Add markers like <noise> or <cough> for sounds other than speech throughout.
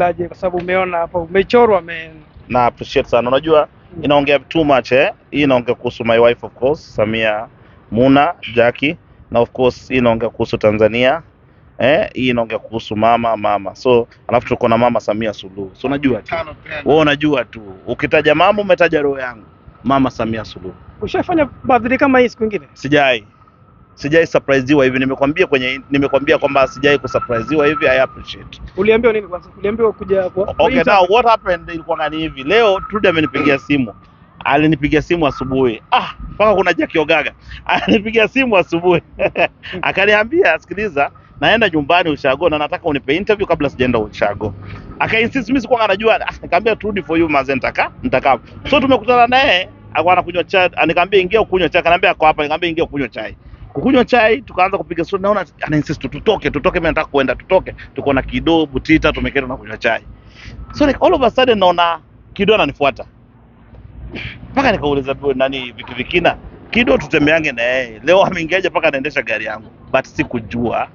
aje kwa sababu umeona hapa umechorwa man? Na appreciate sana unajua, mm. inaongea too much eh, hii inaongea kuhusu my wife of course Samia Muna Jackie, na of course hii inaongea kuhusu Tanzania eh, hii inaongea kuhusu mama mama, so alafu tuko na mama Samia Suluhu, so unajua tu wewe, unajua tu ukitaja mama umetaja roho yangu, mama Samia Suluhu. Ushafanya birthday kama hii siku nyingine? Sijai sijai surpriseiwa hivi. Nimekwambia kwenye nimekwambia kwamba sijai kusurpriseiwa hivi. I appreciate. Uliambiwa nini kwanza? Uliambiwa kuja kwa Okay, now what happened ilikuwa gani hivi? Leo Trudy amenipigia simu. Alinipigia simu asubuhi. Ah, mpaka kuna Jackie Ogaga. Alinipigia simu asubuhi. <laughs> Akaniambia, sikiliza, naenda nyumbani Ushago na nataka unipe interview kabla sijaenda Ushago. Akainsist mimi sikuwa najua. Akaniambia ah, Trudy for you mazen taka, nitaka. So tumekutana naye, akawa anakunywa chai, nikamwambia ingia ukunywa chai, akaniambia kwa hapa, nikamwambia ingia ukunywa chai kukunywa chai, tukaanza kupiga stori. Naona ana insist tutoke, tutoke, mimi nataka kuenda, tutoke. Tuko na Kido Butita, tumeketi kunywa chai, so like all of a sudden naona Kido ananifuata Paka nikauliza tu nani, Viki Vikina, Kido tutembeange na yeye leo, ameingiaje paka anaendesha gari yangu? But sikujua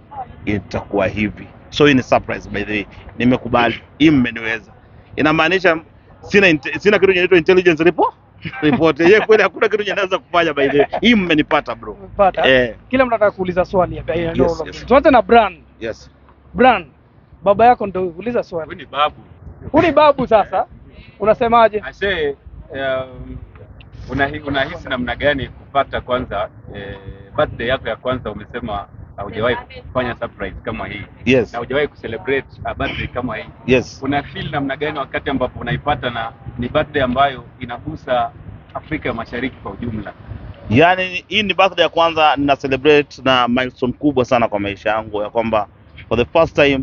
itakuwa hivi, so hii ni surprise by the way. Nimekubali hii, mmeniweza, inamaanisha sina sina kitu kinaitwa intelligence report ripoti yeye kweli, hakuna kitu anaweza kufanya. By the way, hii mmenipata bro, mmepata eh. Kila mtu anataka kuuliza swali hapa. Eh, yes, yes. Tuanze na Bran. Yes, Bran, baba yako ndio uliza swali. Wewe ni babu, wewe ni babu. Sasa unasemaje? I say um, unahisi namna gani kupata kwanza, eh, birthday yako ya kwanza umesema haujawahi kufanya surprise kama hii yes. na haujawahi kucelebrate a birthday kama hii yes. una feel namna gani wakati ambapo unaipata na ni birthday ambayo inagusa Afrika Mashariki kwa ujumla? Yani hii ni birthday ya kwanza nina celebrate na milestone kubwa sana kwa maisha yangu ya kwamba for the first time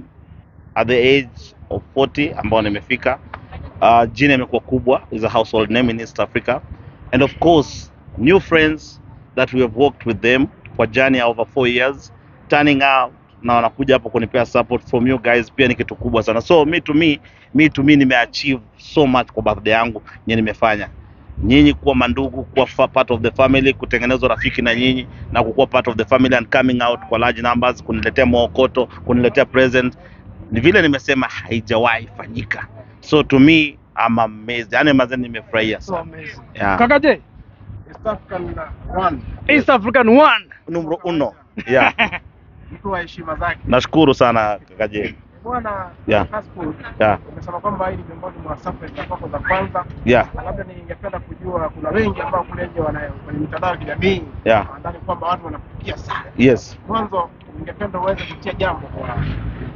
at the age of 40 ambao nimefika, uh, jina imekuwa kubwa, is a household name in East Africa and of course new friends that we have worked with them kwa journey over four years turning out na wanakuja hapo kunipea support from you guys, pia ni kitu kubwa sana. So me to me, me to me nimeachieve so much kwa birthday yangu nye nimefanya nyinyi kuwa mandugu, kuwa part of the family, kutengenezwa rafiki na nyinyi na kukuwa part of the family and coming out kwa large numbers, kuniletea mwokoto, kuniletea present, ni vile nimesema haijawahi fanyika. So to me I'm amazed, yani mazeni, nimefurahia sana yeah. Kaka J, East African one, East African one numero uno yeah <laughs> mtu wa heshima zake. Nashukuru sana kaka Jay. Bwana yeah. Passport yeah. Umesema kwamba hii ni miongoni mwa safari kwako za kwanza yeah. Labda ningependa kujua, kuna wengi ambao kule nje wana kwenye mitandao ya kijamii yeah. Wanadhani kwamba watu wanakufikia sana. Yes. Mwanzo ningependa uweze kutia jambo kwa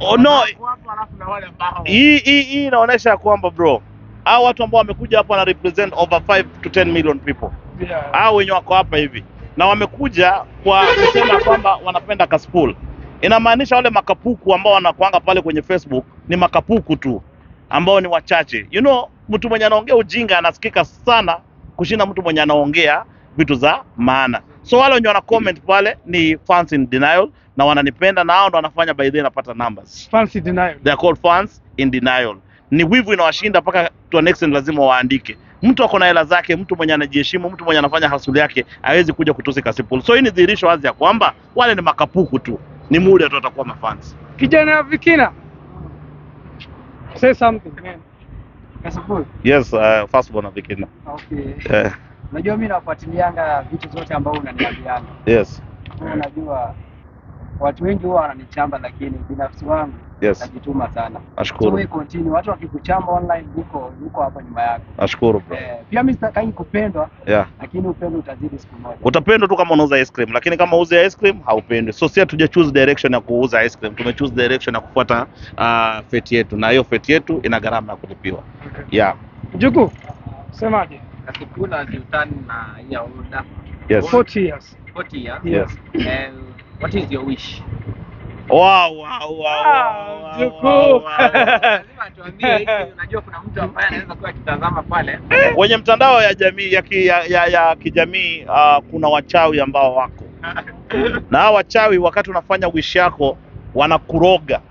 oh, no. Alafu na wale ambao hii hii hii inaonyesha kwamba bro hao watu ambao wamekuja hapa wana represent over 5 to 10 million people hao yeah. Wenye wako hapa hivi na wamekuja kwa kusema kwamba wanapenda Kaspool. Inamaanisha wale makapuku ambao wanakuanga pale kwenye Facebook ni makapuku tu ambao ni wachache. You know, mtu mwenye anaongea ujinga anasikika sana kushinda mtu mwenye anaongea vitu za maana. So wale wenye wana comment pale ni fans in denial na wananipenda na hao ndo wanafanya by the way napata numbers. Fans in denial. They are called fans in denial. Ni wivu inawashinda mpaka to next lazima waandike mtu ako na hela zake, mtu mwenye anajiheshimu, mtu mwenye anafanya hasuli yake hawezi kuja kutusi Kasipul. So hii ni dhihirisho wazi ya kwamba wale ni makapuku tu, ni muda tu atakuwa mafans. Kijana wa Vikina, say something man. Kasipul. Yes, uh, first born Vikina. Okay. Uh, Unajua mimi nafuatilianga vitu zote ambavyo unaniambia. Yes. Unajua watu wengi huwa wananichamba, lakini binafsi wangu Yes. Najituma sana. Nashukuru. So continue. Watu wakikuchamba online huko huko hapa nyuma yako. Nashukuru bro. Eh, pia mimi sitakangi kupendwa. Yeah. Lakini upendo utazidi siku moja. Utapendwa tu kama unauza ice cream, lakini kama uuze ice cream haupendwi. So sisi hatuja choose direction ya kuuza ice cream. Tume choose direction ya kufuata uh, ah, feti yetu na hiyo feti yetu ina gharama ya kulipiwa. Okay. Yeah. Juku. Semaje? Kasikuna jutani na ya oda. Yes. 40 years. 40 years. Yes. And eh, what is your wish? Ah, kwenye <laughs> eh. mtandao ya jamii ya, ki, ya, ya, ya kijamii uh, kuna wachawi ambao wako na hao wachawi, wakati unafanya wishi yako, wanakuroga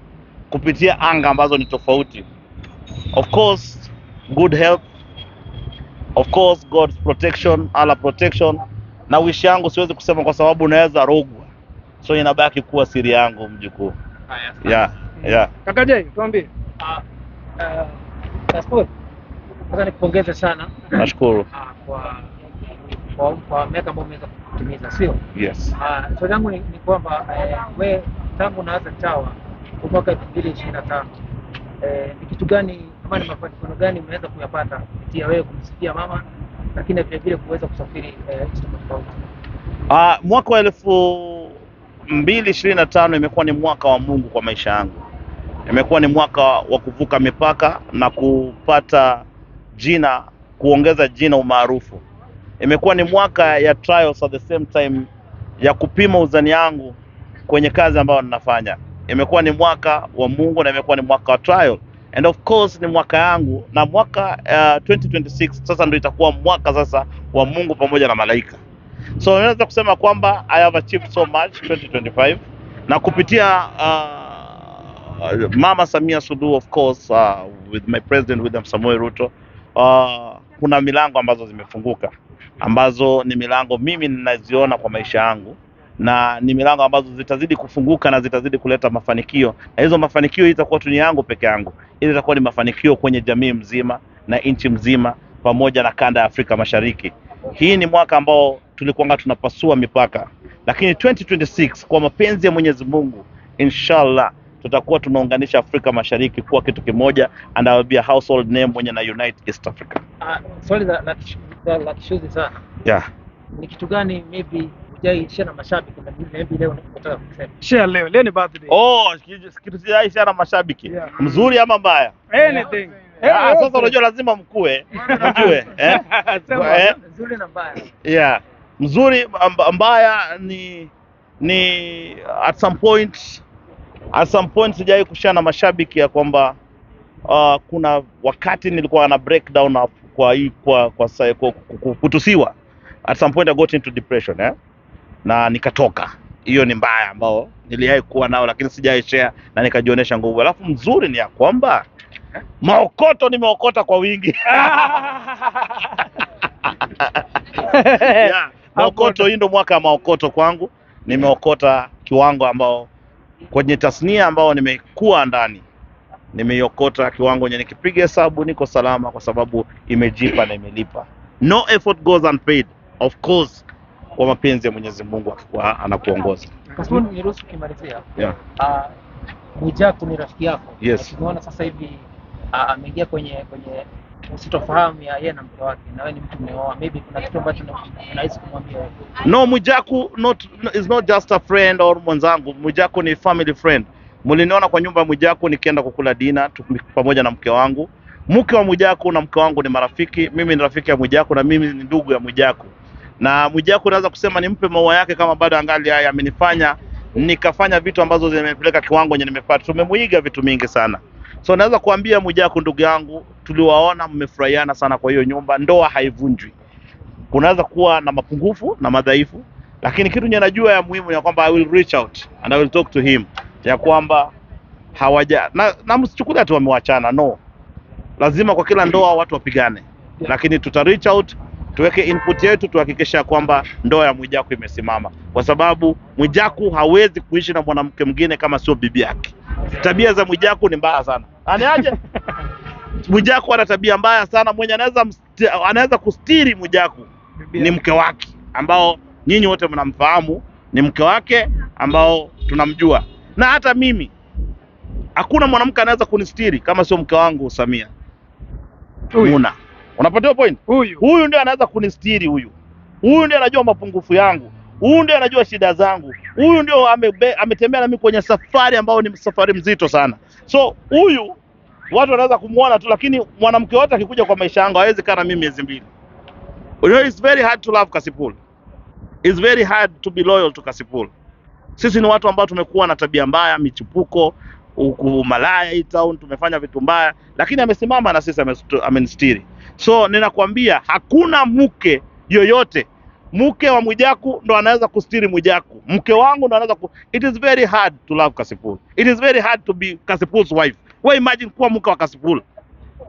kupitia anga ambazo ni tofauti. Of course good health, of course God's protection, protection. Na wishi yangu siwezi kusema kwa sababu unaweza rogu so inabaki kuwa siri yangu mjukuu. Yeah, yeah. Kaka Jay, tuambie. Ah, eh, Kwanza nikupongeze sana. Nashukuru. Ah, kwa kwa kwa miaka ambayo umeweza kutimiza, sio? Yes. Ah, swali langu ni kwamba eh, we tangu unaanza Tawa kwa mwaka 2025 eh, ni kitu gani ama ni mafanikio gani umeweza kuyapata kupitia wewe kumsikia mama lakini vile vile kuweza kusafiri eh, nchi tofauti? Ah, mwaka wa elfu mbili ishirini na tano imekuwa ni mwaka wa Mungu kwa maisha yangu, imekuwa ni mwaka wa kuvuka mipaka na kupata jina, kuongeza jina umaarufu. Imekuwa ni mwaka ya trials at the same time ya kupima uzani yangu kwenye kazi ambayo ninafanya. Imekuwa ni mwaka wa Mungu na imekuwa ni mwaka wa trial and of course ni mwaka yangu na mwaka uh, 2026 sasa ndio itakuwa mwaka sasa wa Mungu pamoja na malaika. So naweza kusema kwamba I have achieved so much 2025 na kupitia uh, Mama Samia Suluhu of course uh, with my president William Samoei Ruto uh, kuna milango ambazo zimefunguka ambazo ni milango mimi ninaziona kwa maisha yangu na ni milango ambazo zitazidi kufunguka na zitazidi kuleta mafanikio, na hizo mafanikio itakuwa tu ni yangu peke yangu, ili itakuwa ni mafanikio kwenye jamii mzima na nchi mzima pamoja na kanda ya Afrika Mashariki. Hii ni mwaka ambao tulikuwa tunapasua mipaka, lakini 2026 kwa mapenzi ya Mwenyezi Mungu inshallah tutakuwa tunaunganisha Afrika Mashariki kuwa kitu kimoja and I will be a household name mwenye na unite East Africa. Uh, sorry that, that, that la is sana. Yeah. Ni kitu gani maybe hujai share na mashabiki na maybe leo nataka kusema? Share leo, leo ni birthday. Oh, kitu share na mashabiki. Yeah. Mzuri ama mbaya? Anything. Yeah, eh, yeah, sasa eh. unajua lazima mkue, <laughs> mjue. Eh? eh? Mzuri na mbaya. Yeah. Mzuri mbaya ni ni at some point at some point sijawahi kushana na mashabiki ya kwamba uh, kuna wakati nilikuwa na breakdown kwa kwa, kwa, kwa, kwa, kwa kutusiwa at some point I got into depression eh? na nikatoka. Hiyo ni mbaya ambao niliwahi kuwa nao, lakini sijawahi share na nikajionyesha nguvu. Alafu mzuri ni ya kwamba maokoto nimeokota kwa wingi <laughs> <laughs> yeah maokoto. Hii ndo mwaka wa maokoto kwangu, nimeokota kiwango ambao kwenye tasnia ambao nimekuwa ndani nimeiokota kiwango yenye nikipiga hesabu niko salama, kwa sababu imejipa na imelipa. No effort goes unpaid, of course, kwa mapenzi ya Mwenyezi Mungu akikuwa anakuongoza. Niruhusu kimalizia. Yeah. Uh, ah, Mwijaku ni rafiki yako. Yes. Tumeona sasa hivi ah, ameingia kwenye kwenye usitofahamu ya yeye na mke wake, na wewe ni mtu umeoa, maybe kuna kitu ambacho unahisi kumwambia wewe. No, Mwijaku not, is not just a friend or mwenzangu. Mwijaku ni family friend. Mliniona kwa nyumba ya Mwijaku nikienda kukula dina pamoja na mke wangu. Mke wa Mwijaku na mke wangu ni marafiki. Mimi ni rafiki ya Mwijaku na mimi ni ndugu ya Mwijaku, na Mwijaku naweza kusema nimpe maua yake kama bado angali haya amenifanya nikafanya vitu ambazo zimepeleka kiwango yenye nimepata. Tumemuiga vitu mingi sana. So naweza kuambia Mwijaku, ndugu yangu, tuliwaona mmefurahiana sana kwa hiyo nyumba. Ndoa haivunjwi. Kunaweza kuwa na mapungufu na madhaifu, lakini kitu nye najua ya muhimu ya kwamba I will reach out and I will talk to him, ya kwamba hawaja na, na msichukulia tu wamewachana. No, lazima kwa kila ndoa watu wapigane, lakini tuta reach out tuweke input yetu tuhakikisha kwamba ndoa ya Mwijaku imesimama, kwa sababu Mwijaku hawezi kuishi na mwanamke mwingine kama sio bibi yake. Tabia za Mwijaku ni mbaya sana. Aniaje? <laughs> Mwijaku ana tabia mbaya sana, mwenye anaweza anaweza kustiri Mwijaku ni mke wake, ambao nyinyi wote mnamfahamu, ni mke wake ambao tunamjua, na hata mimi hakuna mwanamke anaweza kunistiri kama sio mke wangu Samia Muna. Unapatiwa point? Huyu, huyu ndio anaweza kunistiri huyu, huyu ndio anajua mapungufu yangu huyu ndio anajua shida zangu, huyu ndio ametembea nami kwenye safari ambayo ni safari mzito sana. So huyu watu wanaweza kumuona tu, lakini mwanamke wote akikuja kwa maisha yangu hawezi kaa na mimi miezi mbili. You know, it's very hard to love Kasipul. It's very hard to be loyal to Kasipul. Sisi ni watu ambao tumekuwa na tabia mbaya, michipuko huku malaya town, tumefanya vitu mbaya, lakini amesimama na sisi, amenistiri. So ninakwambia hakuna mke yoyote mke wa Mwijaku ndo anaweza kustiri Mwijaku, mke wangu ndo anaweza ku... it is very hard to love Kasipul, it is very hard to be Kasipul's wife. We imagine kuwa mke wa Kasipul,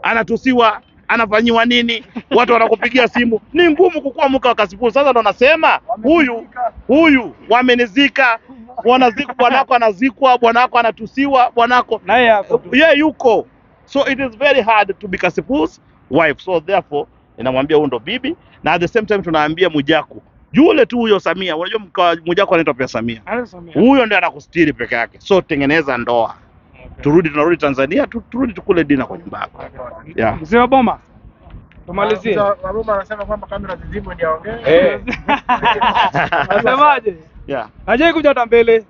anatusiwa anafanyiwa nini, watu wanakupigia simu, ni ngumu kukuwa mke wa Kasipul. Sasa ndo nasema huyu huyu, wamenizika wanazikwa, bwanako anazikwa, bwanako anatusiwa, bwanako naye yeah, yuko so it is very hard to be Kasipul's wife, so therefore inamwambia huyu ndo bibi na at the same time tunaambia Mwijaku yule tu huyo Samia, unajua mkawa Mwijaku anaitwa pia Samia, huyo ndiye anakustiri peke yake, so tengeneza ndoa okay. Turudi, tunarudi Tanzania tu, turudi tukule dina kwa nyumba yako okay. yeah. Mzee wa boma tumalizie. Ah, wa boma anasema kwamba kamera zizimwe ndio aongee, Eh. <laughs> nasemaje? Hajai kuja hata mbele